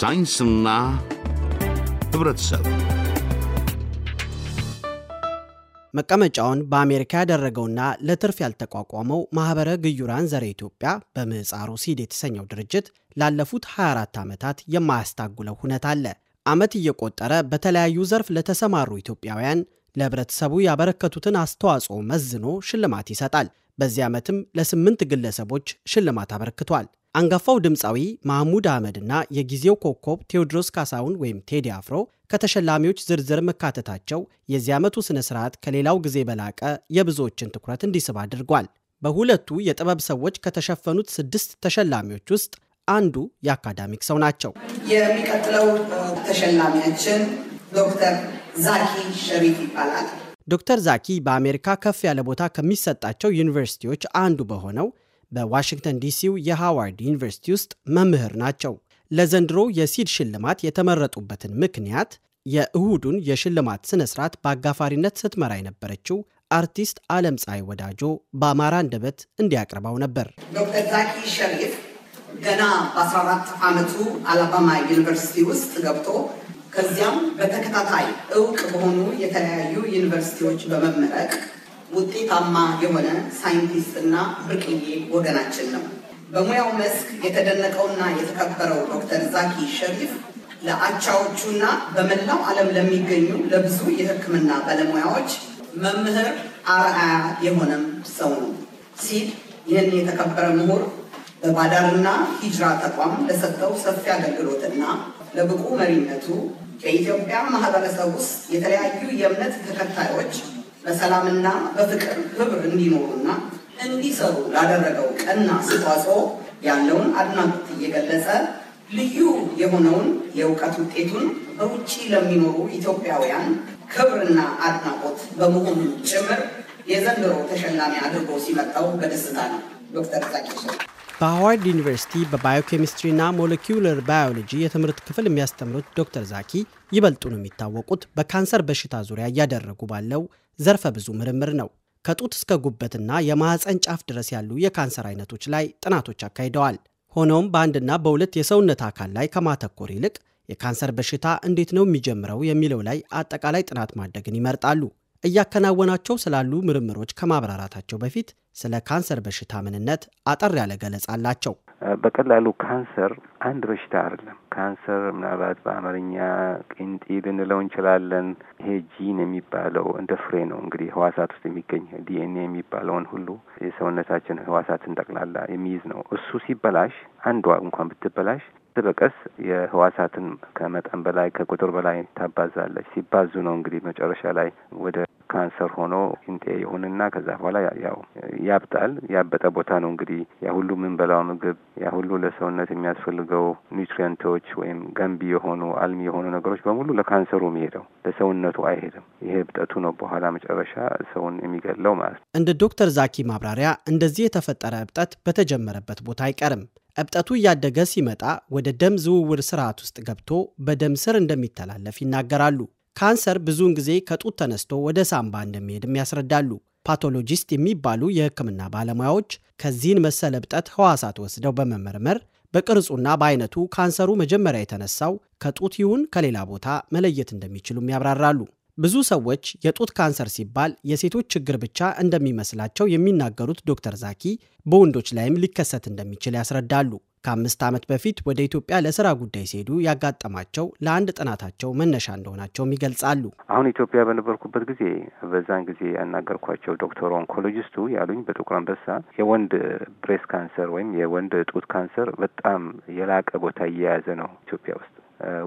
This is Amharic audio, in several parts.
ሳይንስና ህብረተሰብ መቀመጫውን በአሜሪካ ያደረገውና ለትርፍ ያልተቋቋመው ማኅበረ ግዩራን ዘረ ኢትዮጵያ በምህፃሩ ሲድ የተሰኘው ድርጅት ላለፉት 24 ዓመታት የማያስታጉለው ሁነት አለ። ዓመት እየቆጠረ በተለያዩ ዘርፍ ለተሰማሩ ኢትዮጵያውያን ለህብረተሰቡ ያበረከቱትን አስተዋጽኦ መዝኖ ሽልማት ይሰጣል። በዚህ ዓመትም ለስምንት ግለሰቦች ሽልማት አበርክቷል። አንጋፋው ድምፃዊ ማህሙድ አህመድና የጊዜው ኮከብ ቴዎድሮስ ካሳሁን ወይም ቴዲ አፍሮ ከተሸላሚዎች ዝርዝር መካተታቸው የዚህ ዓመቱ ሥነ ሥርዓት ከሌላው ጊዜ በላቀ የብዙዎችን ትኩረት እንዲስብ አድርጓል። በሁለቱ የጥበብ ሰዎች ከተሸፈኑት ስድስት ተሸላሚዎች ውስጥ አንዱ የአካዳሚክ ሰው ናቸው። የሚቀጥለው ተሸላሚያችን ዶክተር ዛኪ ሸሪፍ ይባላል። ዶክተር ዛኪ በአሜሪካ ከፍ ያለ ቦታ ከሚሰጣቸው ዩኒቨርሲቲዎች አንዱ በሆነው በዋሽንግተን ዲሲው የሃዋርድ ዩኒቨርሲቲ ውስጥ መምህር ናቸው። ለዘንድሮ የሲድ ሽልማት የተመረጡበትን ምክንያት የእሁዱን የሽልማት ስነ ስርዓት በአጋፋሪነት ስትመራ የነበረችው አርቲስት አለም ፀሐይ ወዳጆ በአማራ አንደበት እንዲያቀርበው ነበር። ዶክተር ዛኪ ሸሪፍ ገና በ14 ዓመቱ አላባማ ዩኒቨርሲቲ ውስጥ ገብቶ ከዚያም በተከታታይ እውቅ በሆኑ የተለያዩ ዩኒቨርሲቲዎች በመመረቅ ውጤታማ የሆነ ሳይንቲስት እና ብርቅዬ ወገናችን ነው። በሙያው መስክ የተደነቀውና የተከበረው ዶክተር ዛኪ ሸሪፍ ለአቻዎቹና በመላው ዓለም ለሚገኙ ለብዙ የሕክምና ባለሙያዎች መምህር፣ አርአያ የሆነም ሰው ነው ሲል ይህን የተከበረ ምሁር በባዳርና ሂጅራ ተቋም ለሰጠው ሰፊ አገልግሎትና ለብቁ መሪነቱ በኢትዮጵያ ማህበረሰብ ውስጥ የተለያዩ የእምነት ተከታዮች በሰላምና በፍቅር ህብር እንዲኖሩና እንዲሰሩ ላደረገው ቀና አስተዋጽኦ ያለውን አድናቆት እየገለጸ ልዩ የሆነውን የእውቀት ውጤቱን በውጭ ለሚኖሩ ኢትዮጵያውያን ክብርና አድናቆት በመሆኑ ጭምር የዘንድሮ ተሸላሚ አድርጎ ሲመጣው በደስታ ነው ዶክተር ዛኪር በሃዋርድ ዩኒቨርሲቲ ና ሞለኪውለር ባዮሎጂ የትምህርት ክፍል የሚያስተምሩት ዶክተር ዛኪ ይበልጡ ነው የሚታወቁት በካንሰር በሽታ ዙሪያ እያደረጉ ባለው ዘርፈ ብዙ ምርምር ነው። ከጡት እስከ ጉበትና የማህፀን ጫፍ ድረስ ያሉ የካንሰር አይነቶች ላይ ጥናቶች አካሂደዋል። ሆኖም በአንድና በሁለት የሰውነት አካል ላይ ከማተኮር ይልቅ የካንሰር በሽታ እንዴት ነው የሚጀምረው የሚለው ላይ አጠቃላይ ጥናት ማድረግን ይመርጣሉ። እያከናወናቸው ስላሉ ምርምሮች ከማብራራታቸው በፊት ስለ ካንሰር በሽታ ምንነት አጠር ያለ ገለጻ አላቸው። በቀላሉ ካንሰር አንድ በሽታ አይደለም። ካንሰር ምናልባት በአማርኛ ቂንጢ ልንለው እንችላለን። ይሄ ጂን የሚባለው እንደ ፍሬ ነው እንግዲህ ህዋሳት ውስጥ የሚገኝ ዲኤንኤ የሚባለውን ሁሉ የሰውነታችን ህዋሳትን ጠቅላላ የሚይዝ ነው። እሱ ሲበላሽ አንዷ እንኳን ብትበላሽ በቀስ የህዋሳትን ከመጠን በላይ ከቁጥር በላይ ታባዛለች። ሲባዙ ነው እንግዲህ መጨረሻ ላይ ወደ ካንሰር ሆኖ ኢንጤ ይሁንና ከዛ በኋላ ያው ያብጣል። ያበጠ ቦታ ነው እንግዲህ ያ ሁሉ የምንበላው ምግብ ያ ሁሉ ለሰውነት የሚያስፈልገው ኒውትሪየንቶች ወይም ገንቢ የሆኑ አልሚ የሆኑ ነገሮች በሙሉ ለካንሰሩ የሚሄደው ለሰውነቱ አይሄድም። ይሄ እብጠቱ ነው በኋላ መጨረሻ ሰውን የሚገድለው ማለት ነው። እንደ ዶክተር ዛኪ ማብራሪያ እንደዚህ የተፈጠረ እብጠት በተጀመረበት ቦታ አይቀርም። እብጠቱ እያደገ ሲመጣ ወደ ደም ዝውውር ስርዓት ውስጥ ገብቶ በደም ስር እንደሚተላለፍ ይናገራሉ። ካንሰር ብዙውን ጊዜ ከጡት ተነስቶ ወደ ሳምባ እንደሚሄድም ያስረዳሉ። ፓቶሎጂስት የሚባሉ የሕክምና ባለሙያዎች ከዚህን መሰል እብጠት ህዋሳት ወስደው በመመርመር በቅርጹና በአይነቱ ካንሰሩ መጀመሪያ የተነሳው ከጡት ይሁን ከሌላ ቦታ መለየት እንደሚችሉም ያብራራሉ። ብዙ ሰዎች የጡት ካንሰር ሲባል የሴቶች ችግር ብቻ እንደሚመስላቸው የሚናገሩት ዶክተር ዛኪ በወንዶች ላይም ሊከሰት እንደሚችል ያስረዳሉ። ከአምስት ዓመት በፊት ወደ ኢትዮጵያ ለስራ ጉዳይ ሲሄዱ ያጋጠማቸው ለአንድ ጥናታቸው መነሻ እንደሆናቸውም ይገልጻሉ። አሁን ኢትዮጵያ በነበርኩበት ጊዜ በዛን ጊዜ ያናገርኳቸው ዶክተር ኦንኮሎጂስቱ ያሉኝ በጥቁር አንበሳ የወንድ ብሬስ ካንሰር ወይም የወንድ ጡት ካንሰር በጣም የላቀ ቦታ እየያዘ ነው ኢትዮጵያ ውስጥ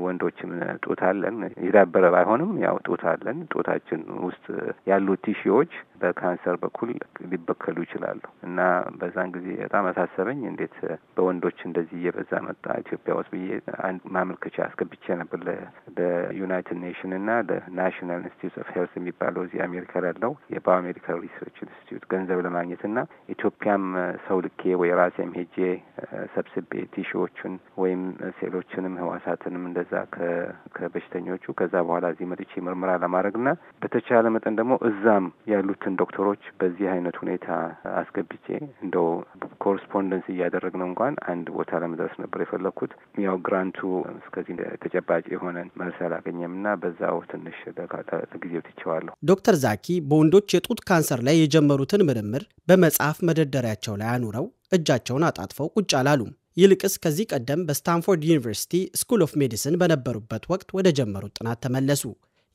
ወንዶችም ጡት አለን። የዳበረ ባይሆንም ያው ጡት አለን። ጡታችን ውስጥ ያሉ ቲሺዎች በካንሰር በኩል ሊበከሉ ይችላሉ እና በዛን ጊዜ በጣም አሳሰበኝ። እንዴት በወንዶች እንደዚህ እየበዛ መጣ ኢትዮጵያ ውስጥ ብዬ አንድ ማመልከቻ አስገብቼ ነበር ለዩናይትድ ኔሽን እና ለናሽናል ኢንስቲትዩት ኦፍ ሄልት የሚባለው እዚህ አሜሪካ ያለው የባዮሜዲካል ሪሰርች ኢንስቲትዩት ገንዘብ ለማግኘት እና ኢትዮጵያም ሰው ልኬ ወይ ራሴም ሄጄ ሰብስቤ ቲሺዎቹን ወይም ሴሎችንም ህዋሳትን እንደዛ ከበሽተኞቹ ከዛ በኋላ እዚህ መጥቼ ምርመራ ለማድረግና በተቻለ መጠን ደግሞ እዛም ያሉትን ዶክተሮች በዚህ አይነት ሁኔታ አስገብቼ እንደው ኮረስፖንደንስ እያደረግነው እንኳን አንድ ቦታ ለመድረስ ነበር የፈለግኩት። ያው ግራንቱ እስከዚህ ተጨባጭ የሆነ መልስ አላገኘም እና በዛው ትንሽ ለጊዜው ትቼዋለሁ። ዶክተር ዛኪ በወንዶች የጡት ካንሰር ላይ የጀመሩትን ምርምር በመጽሐፍ መደርደሪያቸው ላይ አኑረው እጃቸውን አጣጥፈው ቁጭ አላሉም። ይልቅስ ከዚህ ቀደም በስታንፎርድ ዩኒቨርሲቲ ስኩል ኦፍ ሜዲሲን በነበሩበት ወቅት ወደ ጀመሩት ጥናት ተመለሱ።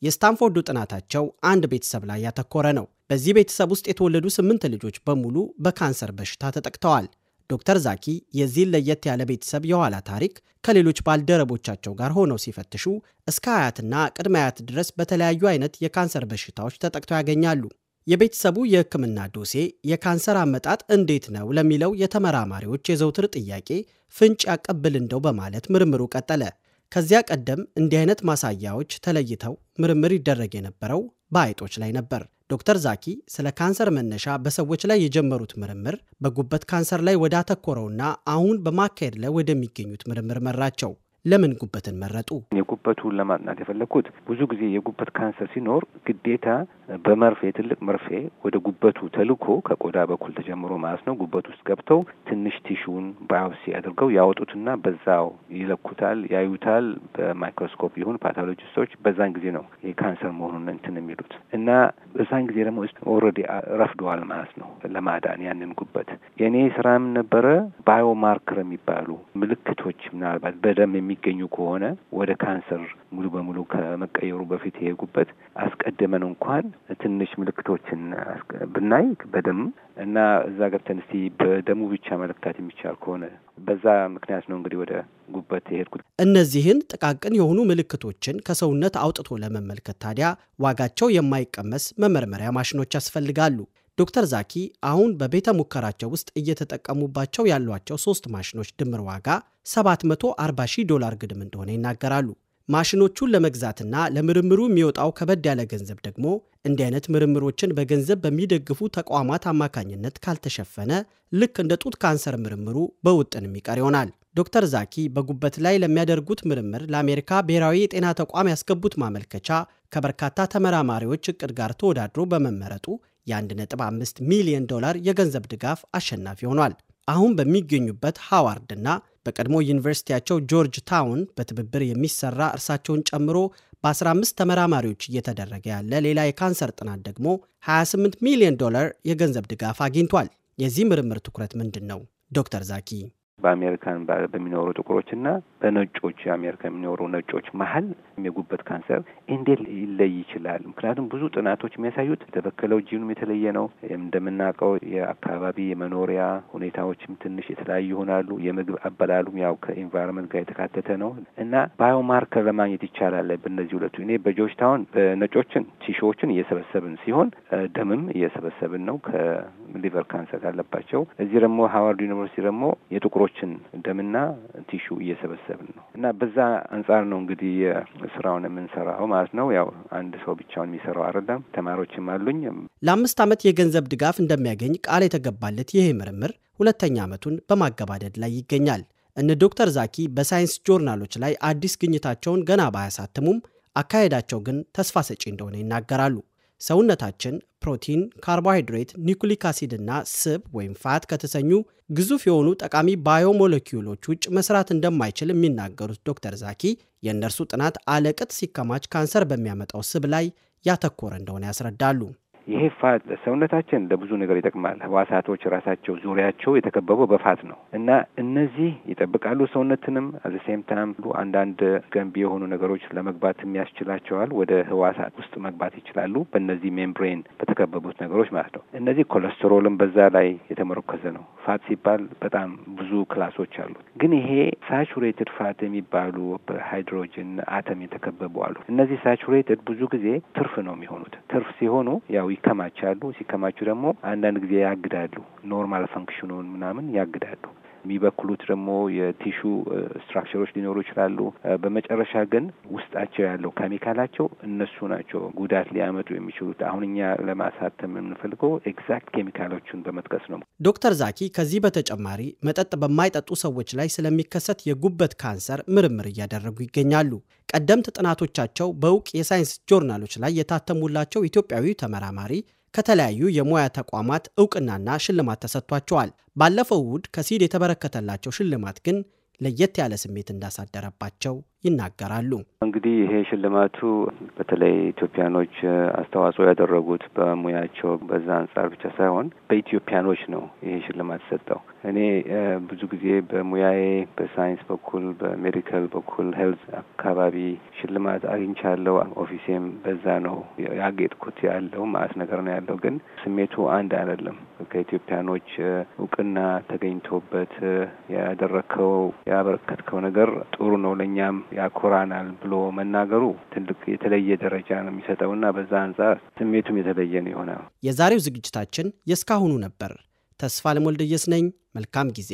የስታንፎርዱ ጥናታቸው አንድ ቤተሰብ ላይ ያተኮረ ነው። በዚህ ቤተሰብ ውስጥ የተወለዱ ስምንት ልጆች በሙሉ በካንሰር በሽታ ተጠቅተዋል። ዶክተር ዛኪ የዚህን ለየት ያለ ቤተሰብ የኋላ ታሪክ ከሌሎች ባልደረቦቻቸው ጋር ሆነው ሲፈትሹ እስከ አያትና ቅድመ አያት ድረስ በተለያዩ አይነት የካንሰር በሽታዎች ተጠቅተው ያገኛሉ። የቤተሰቡ የሕክምና ዶሴ የካንሰር አመጣጥ እንዴት ነው ለሚለው የተመራማሪዎች የዘውትር ጥያቄ ፍንጭ ያቀብል እንደው በማለት ምርምሩ ቀጠለ። ከዚያ ቀደም እንዲህ አይነት ማሳያዎች ተለይተው ምርምር ይደረግ የነበረው በአይጦች ላይ ነበር። ዶክተር ዛኪ ስለ ካንሰር መነሻ በሰዎች ላይ የጀመሩት ምርምር በጉበት ካንሰር ላይ ወዳተኮረውና አሁን በማካሄድ ላይ ወደሚገኙት ምርምር መራቸው። ለምን ጉበትን መረጡ? የጉበቱን ለማጥናት የፈለግኩት ብዙ ጊዜ የጉበት ካንሰር ሲኖር ግዴታ በመርፌ ትልቅ መርፌ ወደ ጉበቱ ተልኮ ከቆዳ በኩል ተጀምሮ ማለት ነው ጉበት ውስጥ ገብተው ትንሽ ቲሹን ባዮፕሲ አድርገው ያወጡትና በዛው ይለኩታል፣ ያዩታል። በማይክሮስኮፕ ይሁን ፓቶሎጂስቶች በዛን ጊዜ ነው የካንሰር መሆኑን እንትን የሚሉት እና በዛን ጊዜ ደግሞ ኦልሬዲ ረፍደዋል ማለት ነው ለማዳን ያንን ጉበት። የእኔ ስራም ነበረ ባዮ ማርከር የሚባሉ ምልክቶች ምናልባት በደም የሚገኙ ከሆነ ወደ ካንሰር ሙሉ በሙሉ ከመቀየሩ በፊት ይሄ ጉበት አስቀድመን እንኳን ትንሽ ምልክቶችን ብናይ በደም እና እዛ ገብተን እስቲ በደሙ ብቻ መለክታት የሚቻል ከሆነ በዛ ምክንያት ነው እንግዲህ ወደ ጉበት የሄድኩት። እነዚህን ጥቃቅን የሆኑ ምልክቶችን ከሰውነት አውጥቶ ለመመልከት ታዲያ ዋጋቸው የማይቀ ለመቀመስ መመርመሪያ ማሽኖች ያስፈልጋሉ። ዶክተር ዛኪ አሁን በቤተ ሙከራቸው ውስጥ እየተጠቀሙባቸው ያሏቸው ሶስት ማሽኖች ድምር ዋጋ 740 ሺህ ዶላር ግድም እንደሆነ ይናገራሉ። ማሽኖቹን ለመግዛትና ለምርምሩ የሚወጣው ከበድ ያለ ገንዘብ ደግሞ እንዲህ አይነት ምርምሮችን በገንዘብ በሚደግፉ ተቋማት አማካኝነት ካልተሸፈነ ልክ እንደ ጡት ካንሰር ምርምሩ በውጥን የሚቀር ይሆናል። ዶክተር ዛኪ በጉበት ላይ ለሚያደርጉት ምርምር ለአሜሪካ ብሔራዊ የጤና ተቋም ያስገቡት ማመልከቻ ከበርካታ ተመራማሪዎች እቅድ ጋር ተወዳድሮ በመመረጡ የ1.5 ሚሊዮን ዶላር የገንዘብ ድጋፍ አሸናፊ ሆኗል። አሁን በሚገኙበት እና በቀድሞ ዩኒቨርሲቲያቸው ጆርጅ ታውን በትብብር የሚሰራ እርሳቸውን ጨምሮ በ15 ተመራማሪዎች እየተደረገ ያለ ሌላ የካንሰር ጥናት ደግሞ 28 ሚሊዮን ዶላር የገንዘብ ድጋፍ አግኝቷል። የዚህ ምርምር ትኩረት ምንድን ነው? ዶክተር ዛኪ በአሜሪካን በሚኖሩ ጥቁሮች እና በነጮች የአሜሪካ የሚኖሩ ነጮች መሀል የጉበት ካንሰር እንዴት ሊለይ ይችላል? ምክንያቱም ብዙ ጥናቶች የሚያሳዩት የተበከለው ጂኑም የተለየ ነው። እንደምናውቀው የአካባቢ የመኖሪያ ሁኔታዎችም ትንሽ የተለያዩ ይሆናሉ። የምግብ አበላሉም ያው ከኢንቫይሮንመንት ጋር የተካተተ ነው እና ባዮማርከር ለማግኘት ይቻላል። በእነዚህ ሁለቱ እኔ በጆርጅታውን በነጮችን ቲሾዎችን እየሰበሰብን ሲሆን ደምም እየሰበሰብን ነው ከሊቨር ካንሰር ካለባቸው። እዚህ ደግሞ ሀዋርድ ዩኒቨርሲቲ ደግሞ የጥቁሮ ምግቦችን ደምና ቲሹ እየሰበሰብን ነው እና በዛ አንጻር ነው እንግዲህ ስራውን የምንሰራው ማለት ነው። ያው አንድ ሰው ብቻውን የሚሰራው አይደለም። ተማሪዎችም አሉኝ። ለአምስት ዓመት የገንዘብ ድጋፍ እንደሚያገኝ ቃል የተገባለት ይህ ምርምር ሁለተኛ ዓመቱን በማገባደድ ላይ ይገኛል። እነ ዶክተር ዛኪ በሳይንስ ጆርናሎች ላይ አዲስ ግኝታቸውን ገና ባያሳትሙም አካሄዳቸው ግን ተስፋ ሰጪ እንደሆነ ይናገራሉ። ሰውነታችን ፕሮቲን፣ ካርቦሃይድሬት፣ ኒኩሊክ አሲድና ስብ ወይም ፋት ከተሰኙ ግዙፍ የሆኑ ጠቃሚ ባዮሞለኪውሎች ውጭ መስራት እንደማይችል የሚናገሩት ዶክተር ዛኪ የእነርሱ ጥናት አለቅት ሲከማች ካንሰር በሚያመጣው ስብ ላይ ያተኮረ እንደሆነ ያስረዳሉ። ይሄ ፋት ሰውነታችን ለብዙ ነገር ይጠቅማል። ህዋሳቶች ራሳቸው ዙሪያቸው የተከበቡ በፋት ነው እና እነዚህ ይጠብቃሉ ሰውነትንም አዘ ሴም ታይም አንዳንድ ገንቢ የሆኑ ነገሮች ለመግባት ያስችላቸዋል። ወደ ህዋሳት ውስጥ መግባት ይችላሉ፣ በእነዚህ ሜምብሬን በተከበቡት ነገሮች ማለት ነው። እነዚህ ኮለስትሮልም በዛ ላይ የተመረኮዘ ነው። ፋት ሲባል በጣም ብዙ ክላሶች አሉት። ግን ይሄ ሳቹሬትድ ፋት የሚባሉ በሃይድሮጅን አተም የተከበቡ አሉ። እነዚህ ሳቹሬትድ ብዙ ጊዜ ትርፍ ነው የሚሆኑት። ትርፍ ሲሆኑ ያው ይከማቻሉ። ሲከማቹ ደግሞ አንዳንድ ጊዜ ያግዳሉ፣ ኖርማል ፈንክሽኑን ምናምን ያግዳሉ። የሚበክሉት ደግሞ የቲሹ ስትራክቸሮች ሊኖሩ ይችላሉ። በመጨረሻ ግን ውስጣቸው ያለው ኬሚካላቸው እነሱ ናቸው ጉዳት ሊያመጡ የሚችሉት። አሁን እኛ ለማሳተም የምንፈልገው ኤግዛክት ኬሚካሎቹን በመጥቀስ ነው። ዶክተር ዛኪ ከዚህ በተጨማሪ መጠጥ በማይጠጡ ሰዎች ላይ ስለሚከሰት የጉበት ካንሰር ምርምር እያደረጉ ይገኛሉ። ቀደምት ጥናቶቻቸው በእውቅ የሳይንስ ጆርናሎች ላይ የታተሙላቸው ኢትዮጵያዊ ተመራማሪ ከተለያዩ የሙያ ተቋማት እውቅናና ሽልማት ተሰጥቷቸዋል። ባለፈው እሁድ ከሲድ የተበረከተላቸው ሽልማት ግን ለየት ያለ ስሜት እንዳሳደረባቸው ይናገራሉ። እንግዲህ ይሄ ሽልማቱ በተለይ ኢትዮጵያኖች አስተዋጽኦ ያደረጉት በሙያቸው በዛ አንጻር ብቻ ሳይሆን በኢትዮጵያኖች ነው ይሄ ሽልማት ሰጠው። እኔ ብዙ ጊዜ በሙያዬ በሳይንስ በኩል በሜዲካል በኩል ሄልዝ አካባቢ ሽልማት አግኝቻለሁ። ኦፊሴም በዛ ነው ያጌጥኩት ያለው ማለት ነገር ነው ያለው። ግን ስሜቱ አንድ አይደለም። ከኢትዮጵያኖች እውቅና ተገኝቶበት ያደረከው ያበረከትከው ነገር ጥሩ ነው ለእኛም ያኮራናል ብሎ መናገሩ ትልቅ የተለየ ደረጃ ነው የሚሰጠውና በዛ አንጻር ስሜቱም የተለየ ነው የሆነ የዛሬው ዝግጅታችን የእስካሁኑ ነበር። ተስፋ ለሞልደየስ ነኝ። መልካም ጊዜ